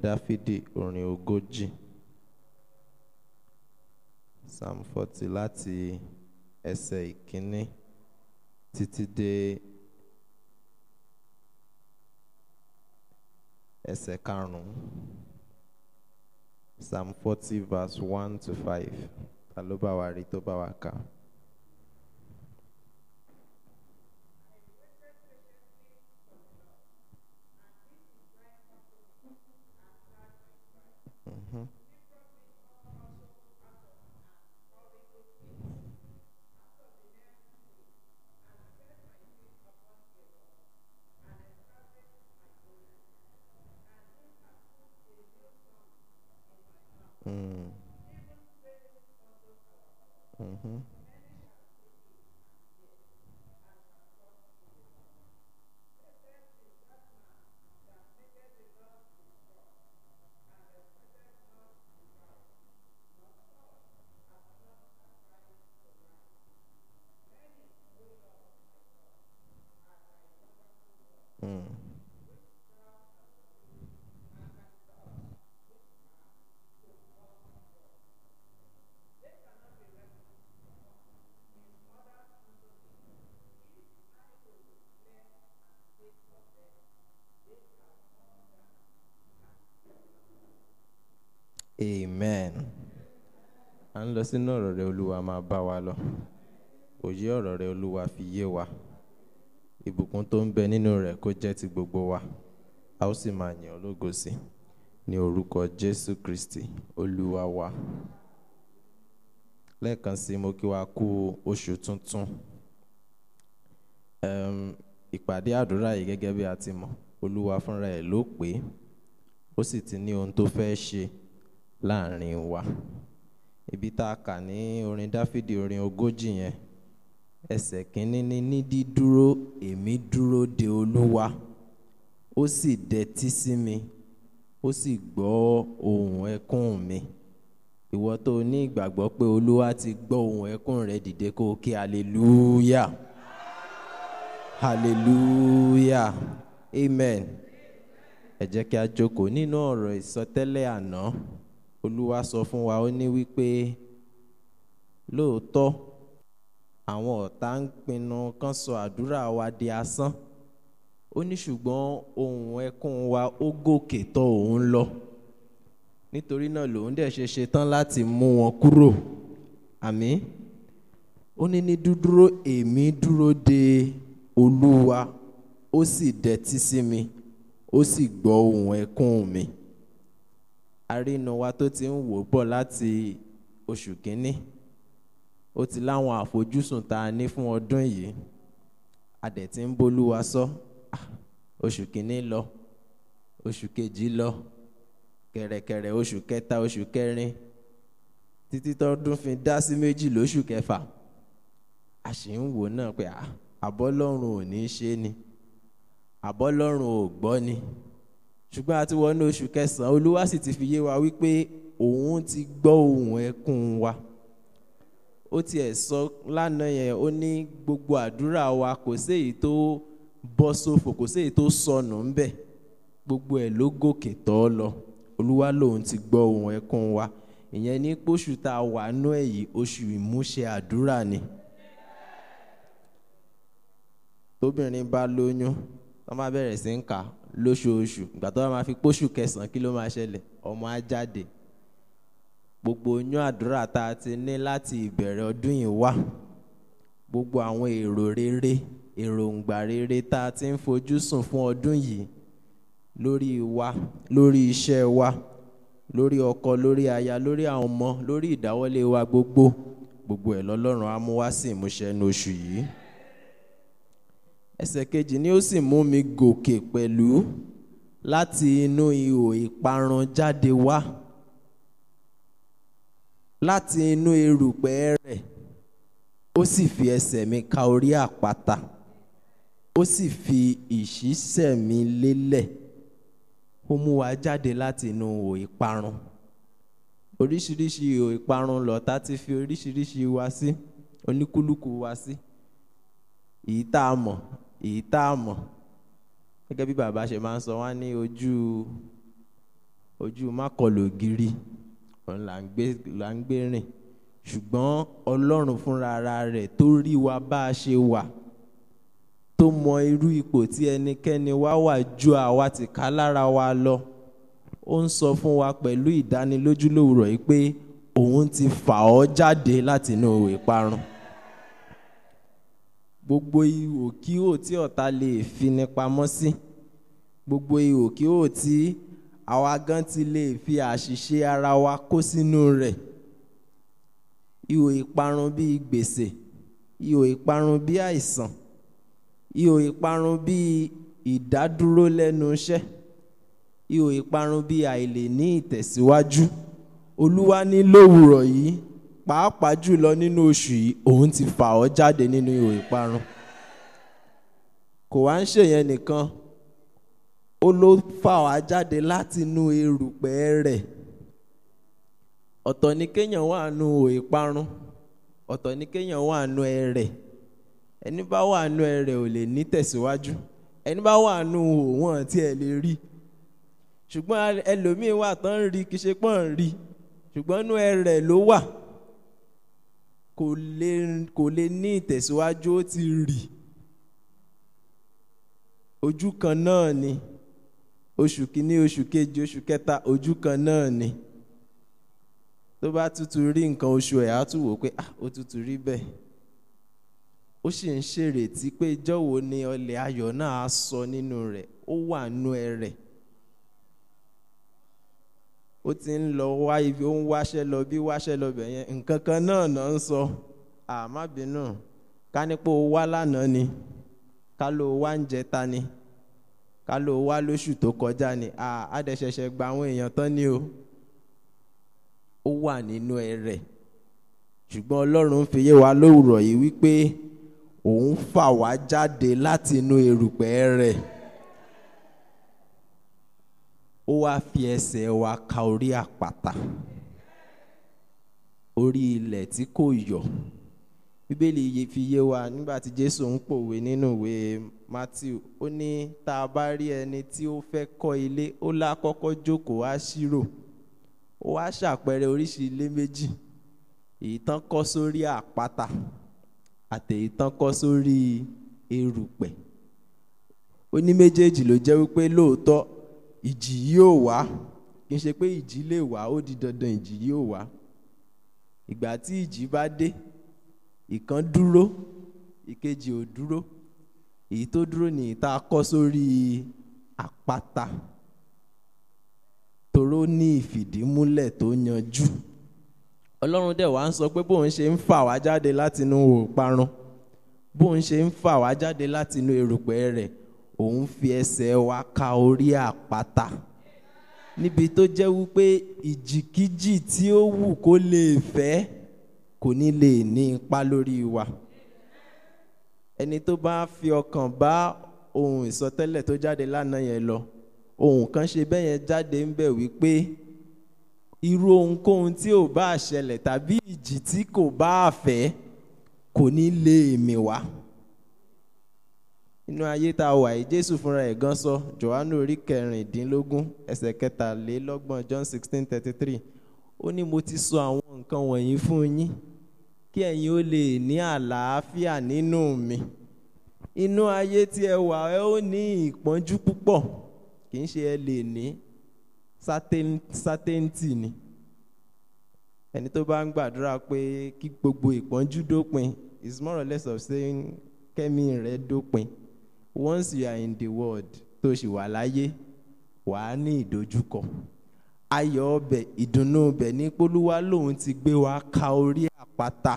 orin dáfídì orin ogójì psalm forty láti ẹsẹ̀ ìkíní títí dé ẹsẹ̀ karùn-ún psalm forty verse one to five ta ló bá wa rí tó bá wa kà Amen. À ń lọ sínú ọ̀rọ̀ rẹ Olúwa máa bá wa lọ. Òye ọ̀rọ̀ rẹ Olúwa fi yé wa. Ìbùkún tó ń bẹ nínú rẹ̀ kó jẹ́ ti gbogbo wa. A ó sì máa yìn ọ́ lógo sí ní orúkọ Jésù Kristi Olúwa wa. Lẹ́ẹ̀kan sí mo kí wa kú oṣù tuntun. Um, ìpàdé àdúrà yìí gẹ́gẹ́ bí a ti mọ̀ Olúwa fúnra ẹ̀ ló pè é ó sì ti ní ohun tó fẹ́ ṣe láàrin wa ibi tá a kà ní orin dáfídì orin ogójì yẹn ẹsẹ̀ kínní ni ní dídúró èmi dúró de olúwa ó sì dẹtí sí mi ó sì gbọ́ ohùn ẹkún mi ìwọ tó ní ìgbàgbọ́ pé olúwa ti gbọ́ ohùn ẹkún rẹ dìde kó o kí hallelujah hallelujah amen ẹ jẹ́ kí a jókòó nínú ọ̀rọ̀ ìsọtẹ́lẹ̀ àná. No? olúwa sọ fún wa ó ní wípé lóòótọ́ àwọn ọ̀tá ń pinnu kán sọ àdúrà wa di asán ó ní ṣùgbọ́n ohùn ẹkún wa ó gòkè tọ̀ òun lọ nítorí náà lòun dẹ̀ ṣe ṣetán láti mú wọn kúrò àmín ó ní ní dúdúró èmi dúró de olúwa ó sì dẹ́tí sí mi ó sì gbọ́ ohùn ẹkún mi arínuwa tó ti ń wò bọ̀ láti oṣù kínní ó ti láwọn àfojúsùn tá a ní fún ọdún yìí adẹ̀ ti ń bolúwa sọ ah, oṣù kínní lọ oṣù kejì lọ kẹ̀rẹ̀kẹ̀rẹ̀ oṣù kẹta oṣù kẹrin títí tọdún fi dá sí méjì lóṣù kẹfà a sì ń wò náà pé ah, àbọ́lọ́run ò ní í ṣe ni àbọ́lọ́run ò gbọ́ ni ṣùgbọ́n a ti wọnú oṣù kẹsàn-án olúwa sì ti fi yé wa wípé òun ti gbọ́ ohùn ẹkún wa ó tiẹ̀ sọ lánàá yẹn ó ní gbogbo àdúrà wa kò séyìí tó bọ́ sófò kò séyìí tó sọnù ńbẹ̀ gbogbo ẹ̀ ló gòkè tọ́ lọ olúwa lòun ti gbọ́ ohùn ẹkún wa ìyẹn ní pósù tá a wà nú ẹ̀ yìí oṣù ìmúṣẹ àdúrà ni tóbìnrin bá lóyún tó máa bẹ̀rẹ̀ sí ń kà lóṣooṣù ìgbà tó máa fi póṣù kẹsàn-án kí ló máa ṣẹlẹ̀ ọmọ á jáde gbogbo oyún àdúrà tá a ti ní láti ìbẹ̀rẹ̀ ọdún yìí wá gbogbo àwọn èrò rere èròǹgbà rere tá a ti ń fojú sùn fún ọdún yìí lórí wa lórí iṣẹ́ wa lórí ọkọ lórí aya lórí àwọn ọmọ lórí ìdáwọ́lé wa gbogbo gbogbo ẹ̀ lọ́lọ́run á mú wá sí ìmúṣẹ oṣù yìí ẹsẹ̀ kejì ni ó sì mú mi gòkè pẹ̀lú láti inú ihò ìparun jáde wá láti inú erùpẹ̀ rẹ̀ ó sì fi ẹsẹ̀ mi ka orí àpáta ó sì fi ìṣísẹ̀ mi lélẹ̀ ó mú wa jáde láti inú ihò ìparun oríṣiríṣi ihò ìparun lọ̀tá ti fi oríṣiríṣi wa sí oníkúlùkù wa sí èyí tá a mọ̀ èyí tá a mọ̀ gẹ́gẹ́ bí bàbá ṣe máa ń sọ wọ́n á ní ojú ojú mákọlò gírí òun là ń gbé là ń gbé rìn ṣùgbọ́n ọlọ́run fúnra ara rẹ̀ tó rí wa bá a ṣe wà tó mọ irú ipò tí ẹnikẹ́ni wá wà ju àwa ti ká lára wa lọ ó ń sọ fún wa pẹ̀lú ìdánilójú lówùrọ̀ yìí pé òun ti fà ọ́ jáde látinú ìparun gbogbo ihò kí hò tí ọ̀tá lè fi ni pamọ́ sí gbogbo ihò kí hò tí àwa gan ti lè fi àṣìṣe ara wa kó sínú rẹ̀ ihò ìparun bíi gbèsè ihò ìparun bíi àìsàn ihò ìparun bíi ìdádúró lẹ́nu iṣẹ́ ihò ìparun bíi àìlè ní ìtẹ̀síwájú olúwa ní lówùrọ̀ yìí pàápàá jùlọ nínú oṣù yìí òun ti fà ọ́ jáde nínú ihò ìparun kò wá ń ṣèyẹn nìkan ó ló fà wá jáde látinú erùpẹ̀ rẹ̀ ọ̀tọ̀ ni kéèyàn wà nù ihò ìparun ọ̀tọ̀ ni kéèyàn wà nù ẹrẹ̀ ẹni bá wà nù ẹrẹ̀ ò lè ní tẹ̀síwájú ẹni bá wà nù òun àti ẹ̀ lè rí ṣùgbọ́n ẹlòmíín wà tán ń rí kì í ṣe pọ́n ń rí ṣùgbọ́n nù ẹrẹ̀ ló wà kò lè ní ìtẹ̀síwájú ó ti rì ojú kan náà ni oṣù kìíní oṣù kejì oṣù kẹta ojú kan náà ni tó bá tutù rí nǹkan oṣù ẹ̀ á tún wò pé ah ó tutù rí bẹ́ẹ̀ ó sì ń ṣèrètí pé ìjọ́wò ni ọlẹ̀ ayọ̀ náà á sọ nínú rẹ̀ ó wà nú ẹ rẹ̀ ó ti ń lọ wá ibi ó ń wáṣẹ́ lọ bí wáṣẹ́ lọ bẹ̀ yẹn nǹkan kan náà náà ń sọ àmàbínú ká nípò wá lánàá ni ká ló wá ń jẹta ni ká ló wá lóṣù tó kọjá ni àádẹ́sẹsẹ gba àwọn èèyàn tán ni o ó wà nínú ẹrẹ̀ ṣùgbọ́n ọlọ́run fi yé wa lówùrọ̀ yìí wípé òun fà wá jáde látinú erùpẹ̀ rẹ̀ ó wá fi ẹsẹ̀ wa ka orí àpáta orí ilẹ̀ tí kò yọ̀ bíbélì yìí fi yé wa nígbà tí jésù ń pòwe nínú ìwé matthew ó ní tá a bá rí ẹni tí ó fẹ́ kọ́ ilé ó lákọ́kọ́ jókòó á ṣírò ó wá ṣàpẹẹrẹ oríṣi ilé méjì èyí tán kọ́ sórí àpáta àtèyí tán kọ́ sórí erùpẹ̀ ó ní méjèèjì ló jẹ́ wípé lóòótọ́ ìjì yóò wá kì í ṣe pé ìjì lè wá ó di dandan ìjì yóò wá ìgbà tí ìjì bá dé ìkan dúró ìkejì ò dúró èyí tó dúró ní ìta kọ́ sórí àpáta toró ní ìfìdímúlẹ̀ tó yanjú ọlọ́run dẹ̀ wá ń sọ pé bóun ṣe ń fà wá jáde látinú òparun bóun ṣe ń fà wá jáde látinú erùpẹ̀ rẹ̀ òun fi ẹsẹ̀ wa ka orí àpáta níbi tó jẹ́ wípé ìjìkíjì tí ó wù kó lè fẹ́ kò ní lè ní ipa lórí wa ẹni tó bá fi ọkàn bá ohun ìsọtẹ́lẹ̀ tó jáde lánàá yẹn lọ ohun kan ṣe bẹ́ẹ̀ yẹn jáde ń bẹ̀ wípé irú ohunkóhun tí ò bá ṣẹlẹ̀ tàbí ìjì tí kò bá fẹ́ kò ní lè mì wá inú ayé tá a wà yìí jésù fúnra ẹ̀ gan sọ johannu orí kẹrìndínlógún ẹsẹ̀ kẹtàlélọ́gbọ̀n john sixteen thirty three ó ní mo ti sọ àwọn nǹkan wọ̀nyí fún yín kí ẹ̀yin ó lè ní àlàáfíà nínú mi inú ayé tí ẹ wà ẹ ó ní ìpọ́njú púpọ̀ kì í ṣe ẹ lè ní sátẹ́ǹtì ni ẹni tó bá ń gbàdúrà pé kí gbogbo ìpọ́njú dópin is more or less of saying kẹ́mi rẹ̀ dópin once you are in the world tó sì wà láyé wàá ní ìdojúkọ ayọ̀ ọbẹ̀ ìdùnnú ọbẹ̀ ní polúwa lòun ti gbé wa ka orí àpáta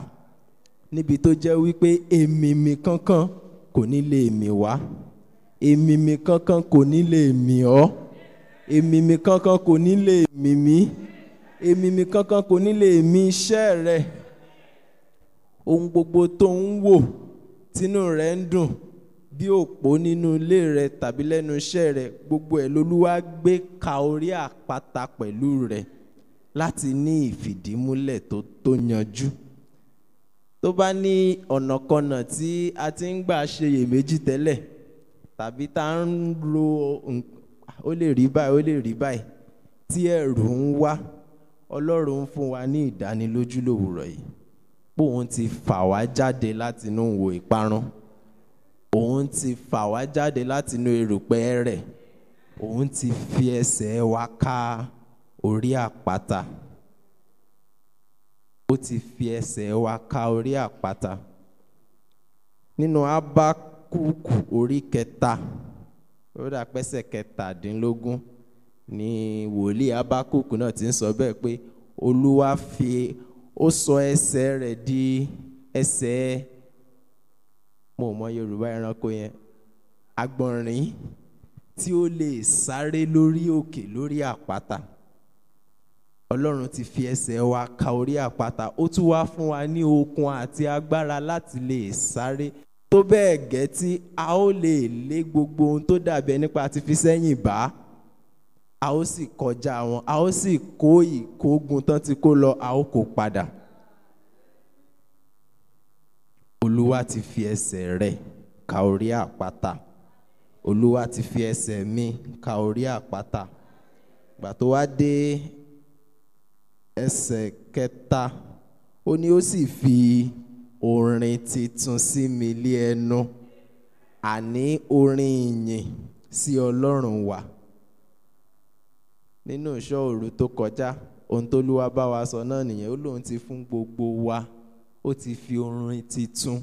níbi tó jẹ́ wípé èmìmì kankan kò ní lè mì wá èmìmì kankan kò ní lè mì ọ́ èmìmì kankan kò ní lè mì mí èmìmì kankan kò ní lè mì iṣẹ́ rẹ̀ ohun gbogbo tó ń wò tínú rẹ̀ ń dùn bí òpó nínú ilé rẹ tàbí lẹ́nu iṣẹ́ rẹ gbogbo ẹ̀ lolúwa gbé ka orí àpáta pẹ̀lú rẹ láti ní ìfìdímúlẹ̀ tó tó yanjú tó bá ní ọ̀nàkọnà tí a ti ń gbà ṣeyèméjì tẹ́lẹ̀ tàbí tá ń ro ó lè rí báyìí ó lè rí báyìí tí ẹ̀rù ń wá ọlọ́run ń fún wa ní ìdánilójú lòwúrọ̀ yìí pòun ti fà wá jáde látinú wo ìparun. E òun ti fà wá jáde látinú erùpẹ̀ rẹ̀ òun ti fi ẹsẹ̀ wa ká orí àpáta ó ti fi ẹsẹ̀ wa ká orí àpáta nínú Ábákúkù orí kẹta ó dà pẹ́sẹ̀ kẹtàdínlógún ni wòlíì Ábákúkù náà ti ń sọ bẹ́ẹ̀ pé Olúwa fi ó sọ ẹsẹ̀ rẹ̀ di ẹsẹ̀ mo mọ yorùbá ẹranko yẹn agbọ̀nrín tí ó lè sáré lórí òkè lórí àpáta ọlọ́run ti fi ẹsẹ̀ wa ka orí àpáta ó tún wá fún wa ní okun àti agbára láti lè sáré tó bẹ́ẹ̀ gẹ́ tí a ó lè lé gbogbo ohun tó dàbí ẹni pa ti fi sẹ́yìn bá a ó sì kọjá wọn a ó sì kó ìkógun tán ti kó lọ a ó kó padà. olúwa ti fi ẹsẹ̀ rẹ̀ ka orí àpáta olúwa ti fi ẹsẹ̀ mi ka orí àpáta ìgbà tó wá dé ẹsẹ̀ kẹta ó ní ó sì fi orin titun sí mi lé ẹnu àní orin ìyìn sí ọlọ́run wa nínú ìṣọ́ òru tó kọjá ohun tó lúwa bá wa sọ náà nìyẹn ó lóun ti fún gbogbo wa ó ti fi orin titun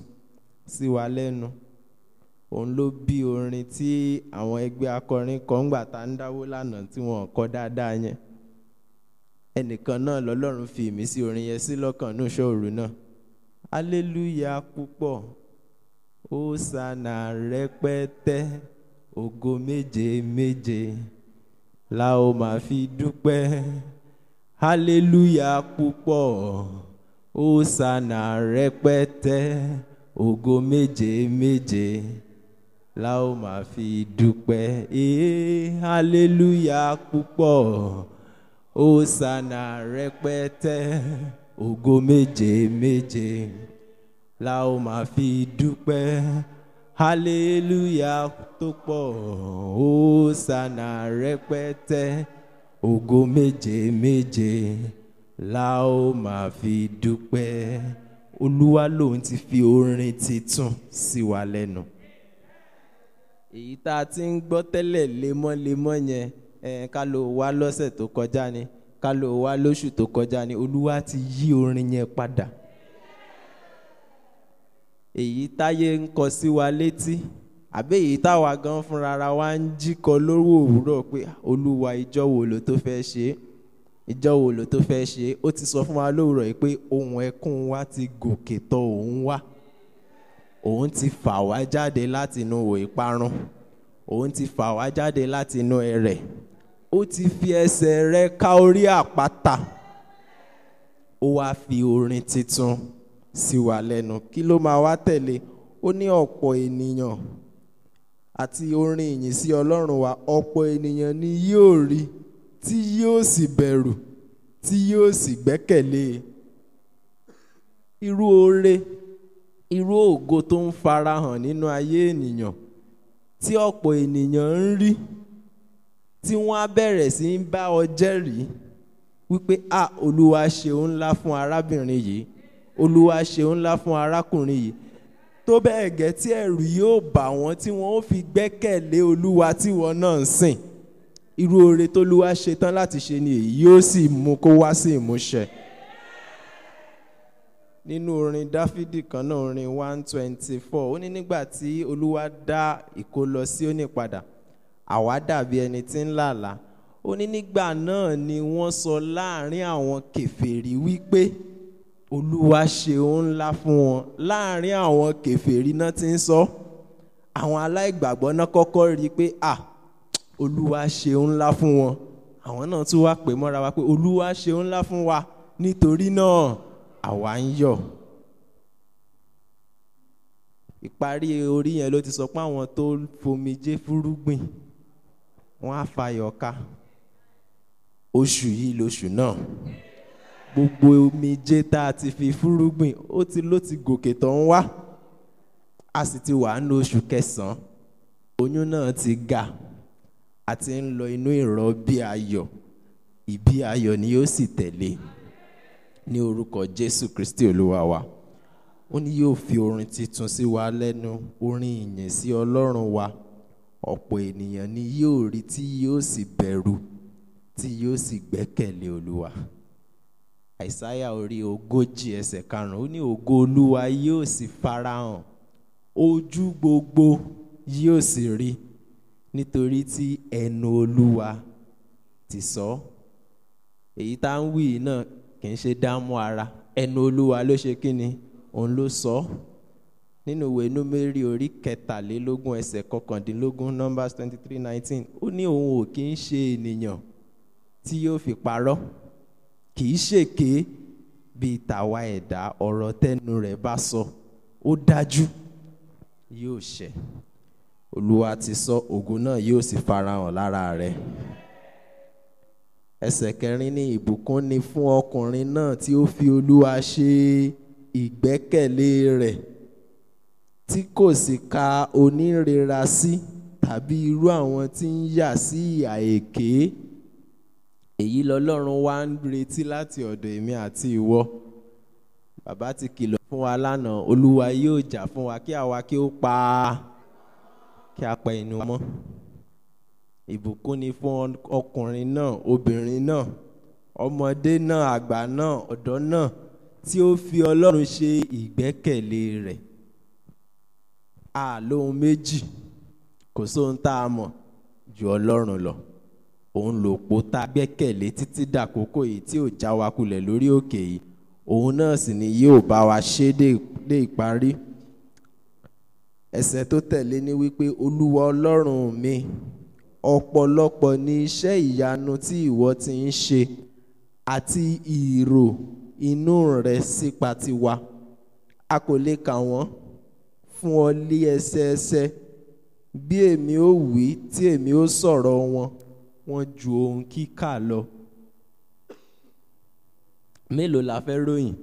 sí wa lẹ́nu òun ló bí orin tí àwọn ẹgbẹ́ akọrin kan gbà tá ń dáwó lánàá tí wọ́n kọ dáadáa yẹn ẹnìkan náà lọ́lọ́run fi ìmísí orin yẹn sí lọ́kàn ní ìṣòro náà aleluya púpọ̀ ó sànà rẹpẹtẹ ògo méje méje la ó máa fi dúpẹ́ aleluya púpọ̀. ó sànà rẹpẹtẹ ogo méje méje la ó máa fi dúpẹ́ ee hallelujah púpọ̀ sa na rẹpẹtẹ ogo méje méje la ó máa fi dúpẹ́ hallelujah tó pọ̀ ó sànà rẹpẹtẹ ogo méje méje. la ó máa fi dúpẹ́ olúwa lòun ti fi orin titun sí wa lẹ́nu. èyí tá a ti ń gbọ́ tẹ́lẹ̀ lemọ́lemọ́ yẹn ẹ̀ ká ló wá lọ́sẹ̀ tó kọjá ni ká ló wá lóṣù tó kọjá ni olúwa ti yí orin yẹn padà. èyí táyé ń kọ sí wa létí àbí èyí táwa gan fúnra wa ń jíkọ lówó òwúrọ̀ pé olúwa ìjọ wo ló tó fẹ́ ṣe é ìjọ wo ló tó fẹ́ ṣe ó ti sọ fún wa lóòrọ̀ yìí pé ohun ẹkún wa ti gòkè tọ òun wá òun ti fà wá jáde láti inú òwò ìparun òun ti fà wá jáde láti inú ó ti fi ẹsẹ̀ rẹ̀ ká orí àpáta ó wá fi orin tuntun sí wa lẹ́nu kí ló máa wá tẹ̀lé ó ní ọ̀pọ̀ ènìyàn àti orin ìyìn sí ọlọ́run wa ọ̀pọ̀ ènìyàn ni yóò rí i tí yóò sì bẹ̀rù tí yóò sì gbẹ́kẹ̀lé e. irú oore irú ògo tó ń farahàn nínú ayé ènìyàn tí ọ̀pọ̀ ènìyàn ń rí tí wọ́n á bẹ̀rẹ̀ sí ń bá ọ jẹ́rìí wípé a olúwa ṣeun ńlá fún arábìnrin yìí olúwa ṣeun ńlá fún arákùnrin yìí tó bẹ́ẹ̀ gẹ́ tí ẹ̀rù yóò bà wọ́n tí wọ́n ó fi gbẹ́kẹ̀lé olúwa tí wọ́n náà ń sìn irú oore t'Olúwa ṣe tán láti ṣe ni èyí yóò sì mú kó wá sí ìmúṣẹ. nínú orin dáfídì kan náà orin one twenty four ó ní nígbà tí olúwa dá ìkólọ Síónì padà àwa dàbí ẹni tí ń làlà ó ní nígbà náà ni wọ́n sọ láàrin àwọn kèfèrí wípé olúwa ṣe ohun ńlá fún wọn láàrin àwọn kèfèrí náà ti ń sọ àwọn aláìgbàgbọ́ náà kọ́kọ́ rí i pé ah olúwa ṣeun ńlá fún wọn àwọn náà tún wá pè mọ́ra wa pé olúwa ṣeun ńlá fún wa nítorí náà àwa ń yọ̀ ìparí orí yẹn ló ti sọ pé àwọn tó fomijé fúrúgbìn wọ́n á fayọ̀ ká oṣù yìí lóṣù náà gbogbo omijé tá a ti fi fúrúgbìn ó ti ló ti gòkè tó ń wá a sì ti wà nínú oṣù kẹsànán oyún náà ti ga a ti ń lọ inú ìrọbí ayọ̀ ìbí ayọ̀ ni yóò sì tẹ̀lé ní orúkọ Jésù Kristi Olúwa wa ó ní yóò fi orin titun sí wa lẹ́nu orin ìyìn sí Ọlọ́run wa ọ̀pọ̀ ènìyàn ni yóò rí tí yóò sì bẹ̀rù tí yóò sì gbẹ́kẹ̀lé Olúwa àìsáyà orí ogójì ẹsẹ̀ karùn-ún ó ní ògo Olúwa yóò sì farahàn ojú gbogbo yóò sì rí i nítorí tí ẹnu olúwa ti sọ èyí tá ń wí náà kì í ṣe dámú ara ẹnu olúwa ló ṣe kí ni òun ló sọ nínú ìwé númérì orí kẹtàlélógún ẹsẹ̀ kọkàndínlógún numbers twenty three nineteen ó ní òun ò kí ń ṣe ènìyàn tí yóò fi parọ́ kì í ṣèké bíi tàwa ẹ̀dá ọ̀rọ̀ tẹnu rẹ̀ bá sọ ó dájú yóò ṣẹ olúwa ti sọ ògo náà yóò sì farahàn lára rẹ ẹsẹ̀ kẹrin ní ìbùkún ni fún ọkùnrin náà tí ó fi olúwa ṣe ìgbẹ́kẹ̀lé rẹ̀ tí kò sì ka onírera sí tàbí irú àwọn tí ń yà sí ìhà èké èyí lọ́lọ́run wá ń retí láti ọ̀dọ̀ èmi àti ìwọ bàbá ti kìlọ̀ fún wa lánàá olúwa yóò jà fún wa kí àwa kí ó pa á kí a pa ẹnu wa mọ́ ìbùkún ni fún ọkùnrin náà obìnrin náà ọmọdé náà àgbà náà ọ̀dọ́ náà tí ó fi ọlọ́run ṣe ìgbẹ́kẹ̀lé rẹ̀ a lóhun méjì kò sóhun tá a mọ̀ ju ọlọ́run lọ òun lòpó tá a gbẹ́kẹ̀lé títí dàkókò yìí tí ò já wa kulẹ̀ lórí òkè yìí òun náà sì ni yóò bá wa ṣe dé ìparí ẹsẹ̀ tó tẹ̀lé ni wípé olúwa ọlọ́run mi ọ̀pọ̀lọpọ̀ ni iṣẹ́ ìyanu tí ìwọ ti ń ṣe àti ìrò inú rẹ̀ sípa tiwa a kò lè kà wọ́n fún ọ lé ẹsẹẹsẹ bí èmi ó wí tí èmi ó sọ̀rọ̀ wọn wọ́n ju ohun kíkà lọ mélòó la fẹ́ ròyìn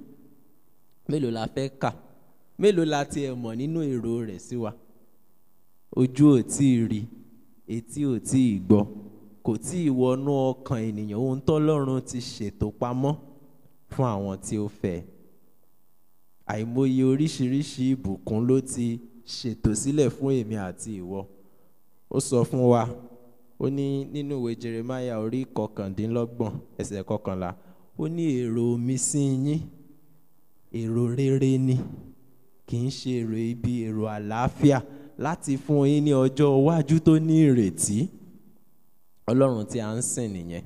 mélòó la fẹ́ kà mélòó la tiẹ̀ mọ̀ nínú èrò rẹ̀ sí wa ojú ò tí ì rí etí ò tí ì gbọ́ kò tí ì wọnú ọkàn ènìyàn ohun tọ́lọ́run ti ṣètò pamọ́ fún àwọn tí ó fẹ́ àìmọye oríṣiríṣi ìbùkún ló ti ṣètò sílẹ̀ fún èmi àti ìwọ ó sọ fún wa ó ní nínú ìwé Jeremiah orí kọkàndínlọ́gbọ̀n ẹsẹ̀ kọkànlá ó ní èrò mi sí yín èrò rere ni kì í ṣe èrò ibi èrò àlàáfíà láti fún yín ní ọjọ́ iwájú tó ní ìrètí ọlọ́run tí a ń sìn nìyẹn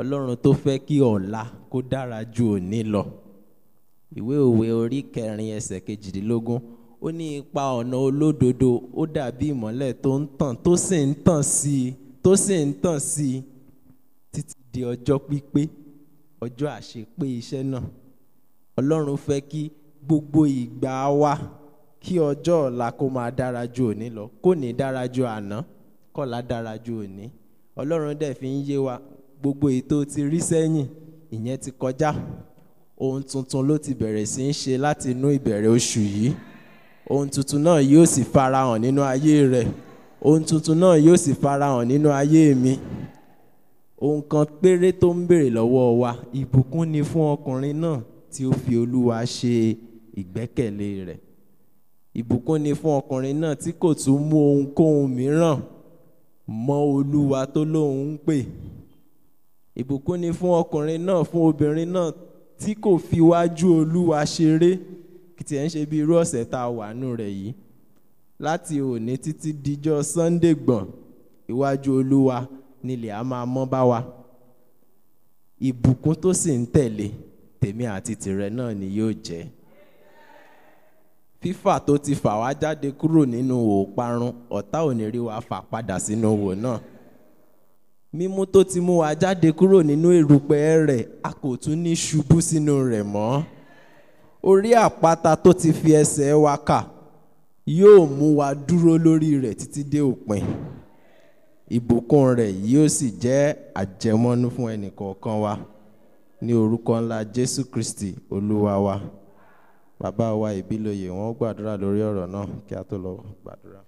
ọlọ́run tó fẹ́ kí ọ̀la kó dára ju òní lọ ìwé òwe orí kẹrin ẹsẹ̀ kejìdínlógún ó ní ipa ọ̀nà olódodo ó dàbí ìmọ́lẹ̀ tó ń tàn tó sì ń tàn sí i tó sì ń tàn sí i títí di ọjọ́ pípé ọjọ́ àṣepé iṣẹ́ náà ọlọ́run fẹ́ kí gbogbo ìgbà wa kí ọjọ́ ọ̀la kó máa dára ju òní lọ kó ní dára ju àná kọ́la dára ju òní ọlọ́run dẹ̀ fi ń yé wa gbogbo ètò ti rí sẹ́yìn ìyẹn ti kọjá ohun tuntun ló ti bẹ̀rẹ̀ sí í ṣe láti inú ìbẹ̀rẹ̀ oṣù yìí ohun tuntun náà yóò sì farahàn nínú ayé rẹ̀ ohun tuntun náà yóò sì farahàn nínú ayé mi ohun kan péré tó ń béèrè lọ́wọ́ wa ìbùkún ni fún ọkùnrin náà tí ó fi olúwa ṣe é ìgbẹ́kẹ̀lé rẹ̀ ìbùkún ni fún ọkùnrin náà tí kò tún mú ohunkóhun mìíràn mọ́ olúwa tó lóun ń pè ìbùkún ni fún ọkùnrin náà fún obìnrin náà tí kò fi wájú olúwa ṣeré kìtì ẹ̀ ń ṣe bí irú ọ̀sẹ̀ tá a wà nù rẹ̀ yìí láti òní títí díjọ́ sunday gbọ̀n iwájú olúwa nílẹ̀ a máa mọ́ bá wa ìbùkún tó sì ń tẹ̀lé tèmi àti tìrẹ náà ni yóò jẹ́ fífà tó ti fà wá jáde kúrò nínú òwò parun ọ̀tá ò ní rí wa fà padà sínú òwò náà mímú tó ti mú wa jáde kúrò nínú erùpẹ̀ rẹ̀ a kò tún ní ṣubú sínú rẹ̀ mọ́ orí àpáta tó ti fi ẹsẹ̀ wa kà yóò mú wa dúró lórí rẹ̀ títí dé òpin ìbùkún rẹ̀ yóò sì jẹ́ àjẹmọ́nú fún ẹnìkọ̀ọ̀kan wa ní orúkọ ńlá Jésù Kristi olúwa wa. wa bàbá wa ìbílòyè wọ́n gbàdúrà lórí ọ̀rọ̀ náà kí a tó lọ gbàdúrà.